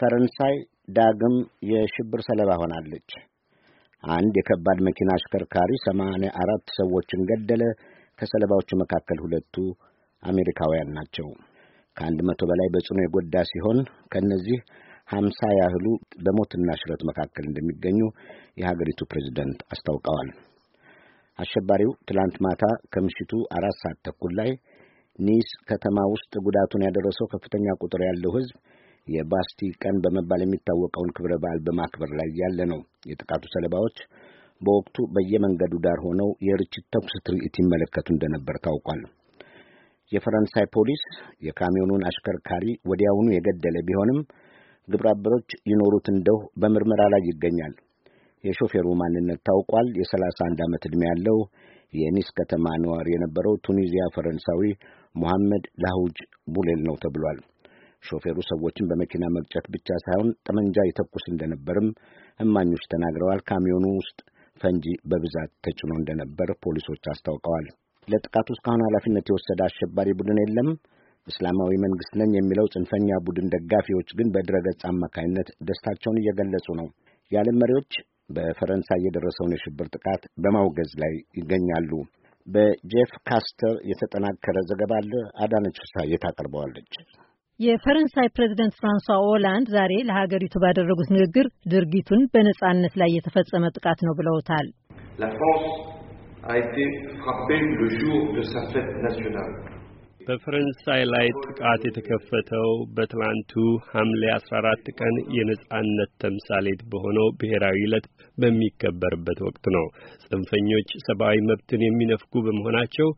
ፈረንሳይ ዳግም የሽብር ሰለባ ሆናለች። አንድ የከባድ መኪና አሽከርካሪ ሰማንያ አራት ሰዎችን ገደለ። ከሰለባዎቹ መካከል ሁለቱ አሜሪካውያን ናቸው። ከአንድ መቶ በላይ በጽኑ የጎዳ ሲሆን ከእነዚህ ሀምሳ ያህሉ በሞትና ሽረት መካከል እንደሚገኙ የሀገሪቱ ፕሬዚደንት አስታውቀዋል። አሸባሪው ትላንት ማታ ከምሽቱ አራት ሰዓት ተኩል ላይ ኒስ ከተማ ውስጥ ጉዳቱን ያደረሰው ከፍተኛ ቁጥር ያለው ሕዝብ የባስቲ ቀን በመባል የሚታወቀውን ክብረ በዓል በማክበር ላይ ያለ ነው። የጥቃቱ ሰለባዎች በወቅቱ በየመንገዱ ዳር ሆነው የርችት ተኩስ ትርኢት ይመለከቱ እንደነበር ታውቋል። የፈረንሳይ ፖሊስ የካሚዮኑን አሽከርካሪ ወዲያውኑ የገደለ ቢሆንም ግብረ አበሮች ይኖሩት እንደው በምርመራ ላይ ይገኛል። የሾፌሩ ማንነት ታውቋል። የሰላሳ አንድ ዓመት ዕድሜ ያለው የኒስ ከተማ ነዋሪ የነበረው ቱኒዚያ ፈረንሳዊ ሞሐመድ ላሁጅ ቡሌል ነው ተብሏል። ሾፌሩ ሰዎችን በመኪና መግጨት ብቻ ሳይሆን ጠመንጃ ይተኩስ እንደነበርም እማኞች ተናግረዋል። ካሚዮኑ ውስጥ ፈንጂ በብዛት ተጭኖ እንደነበር ፖሊሶች አስታውቀዋል። ለጥቃቱ እስካሁን ኃላፊነት የወሰደ አሸባሪ ቡድን የለም። እስላማዊ መንግስት ነኝ የሚለው ጽንፈኛ ቡድን ደጋፊዎች ግን በድረገጽ አማካኝነት ደስታቸውን እየገለጹ ነው። የዓለም መሪዎች በፈረንሳይ የደረሰውን የሽብር ጥቃት በማውገዝ ላይ ይገኛሉ። በጄፍ ካስተር የተጠናከረ ዘገባ አለ። አዳነች ፍስሐዬ ታቀርበዋለች። የፈረንሳይ ፕሬዚደንት ፍራንሷ ኦላንድ ዛሬ ለሀገሪቱ ባደረጉት ንግግር ድርጊቱን በነጻነት ላይ የተፈጸመ ጥቃት ነው ብለውታል። በፈረንሳይ ላይ ጥቃት የተከፈተው በትላንቱ ሐምሌ 14 ቀን የነጻነት ተምሳሌት በሆነው ብሔራዊ ዕለት በሚከበርበት ወቅት ነው። ጽንፈኞች ሰብአዊ መብትን የሚነፍጉ በመሆናቸው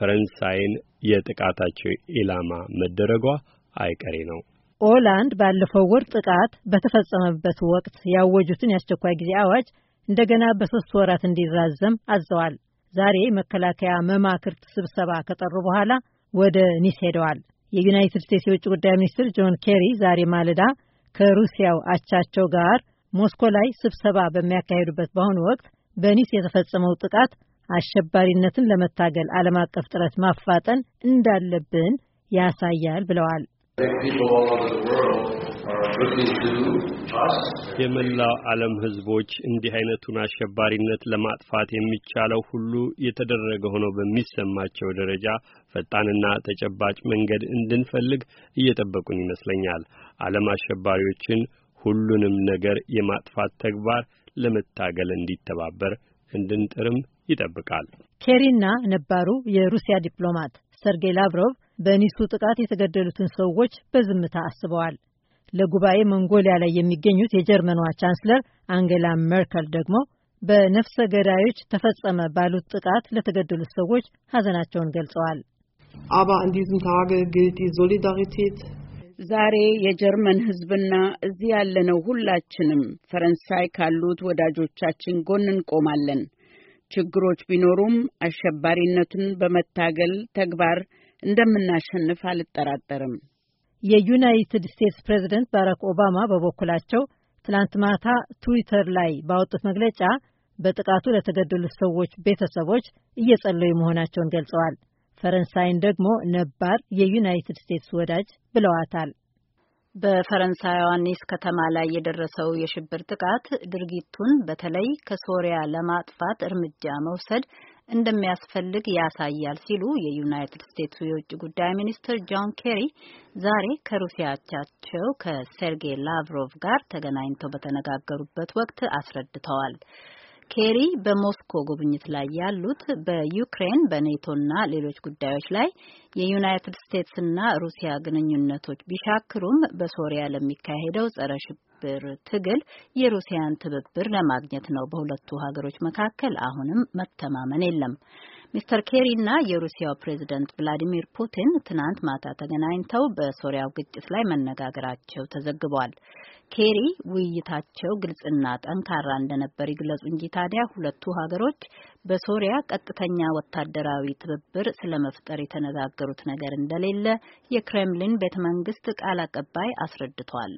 ፈረንሳይን የጥቃታቸው ኢላማ መደረጓ አይቀሬ ነው። ኦላንድ ባለፈው ወር ጥቃት በተፈጸመበት ወቅት ያወጁትን የአስቸኳይ ጊዜ አዋጅ እንደገና በሶስት ወራት እንዲራዘም አዘዋል። ዛሬ መከላከያ መማክርት ስብሰባ ከጠሩ በኋላ ወደ ኒስ ሄደዋል። የዩናይትድ ስቴትስ የውጭ ጉዳይ ሚኒስትር ጆን ኬሪ ዛሬ ማለዳ ከሩሲያው አቻቸው ጋር ሞስኮ ላይ ስብሰባ በሚያካሄዱበት በአሁኑ ወቅት በኒስ የተፈጸመው ጥቃት አሸባሪነትን ለመታገል ዓለም አቀፍ ጥረት ማፋጠን እንዳለብን ያሳያል ብለዋል። የመላው ዓለም ሕዝቦች እንዲህ አይነቱን አሸባሪነት ለማጥፋት የሚቻለው ሁሉ የተደረገ ሆኖ በሚሰማቸው ደረጃ ፈጣንና ተጨባጭ መንገድ እንድንፈልግ እየጠበቁን ይመስለኛል። ዓለም አሸባሪዎችን ሁሉንም ነገር የማጥፋት ተግባር ለመታገል እንዲተባበር እንድንጥርም ይጠብቃል። ኬሪና ነባሩ የሩሲያ ዲፕሎማት ሰርጌይ ላቭሮቭ በኒሱ ጥቃት የተገደሉትን ሰዎች በዝምታ አስበዋል። ለጉባኤ መንጎሊያ ላይ የሚገኙት የጀርመኗ ቻንስለር አንገላ ሜርከል ደግሞ በነፍሰ ገዳዮች ተፈጸመ ባሉት ጥቃት ለተገደሉት ሰዎች ሀዘናቸውን ገልጸዋል። አባ አን ዲዝም ታግ ግልት ሶሊዳሪቴት ዛሬ የጀርመን ሕዝብና እዚህ ያለነው ሁላችንም ፈረንሳይ ካሉት ወዳጆቻችን ጎን እንቆማለን። ችግሮች ቢኖሩም አሸባሪነቱን በመታገል ተግባር እንደምናሸንፍ አልጠራጠርም። የዩናይትድ ስቴትስ ፕሬዝደንት ባራክ ኦባማ በበኩላቸው ትላንት ማታ ትዊተር ላይ ባወጡት መግለጫ በጥቃቱ ለተገደሉት ሰዎች ቤተሰቦች እየጸለዩ መሆናቸውን ገልጸዋል። ፈረንሳይን ደግሞ ነባር የዩናይትድ ስቴትስ ወዳጅ ብለዋታል። በፈረንሳይዋ ኒስ ከተማ ላይ የደረሰው የሽብር ጥቃት ድርጊቱን በተለይ ከሶሪያ ለማጥፋት እርምጃ መውሰድ እንደሚያስፈልግ ያሳያል ሲሉ የዩናይትድ ስቴትሱ የውጭ ጉዳይ ሚኒስትር ጆን ኬሪ ዛሬ ከሩሲያ አቻቸው ከሴርጌይ ላቭሮቭ ጋር ተገናኝተው በተነጋገሩበት ወቅት አስረድተዋል። ኬሪ በሞስኮ ጉብኝት ላይ ያሉት በዩክሬን በኔቶና ሌሎች ጉዳዮች ላይ የዩናይትድ ስቴትስና ሩሲያ ግንኙነቶች ቢሻክሩም በሶሪያ ለሚካሄደው ጸረ ትብብር ትግል የሩሲያን ትብብር ለማግኘት ነው። በሁለቱ ሀገሮች መካከል አሁንም መተማመን የለም። ሚስተር ኬሪ እና የሩሲያው ፕሬዝደንት ቭላዲሚር ፑቲን ትናንት ማታ ተገናኝተው በሶሪያው ግጭት ላይ መነጋገራቸው ተዘግቧል። ኬሪ ውይይታቸው ግልጽና ጠንካራ እንደነበር ይግለጹ እንጂ ታዲያ ሁለቱ ሀገሮች በሶሪያ ቀጥተኛ ወታደራዊ ትብብር ስለመፍጠር የተነጋገሩት ነገር እንደሌለ የክሬምሊን ቤተ መንግስት ቃል አቀባይ አስረድቷል።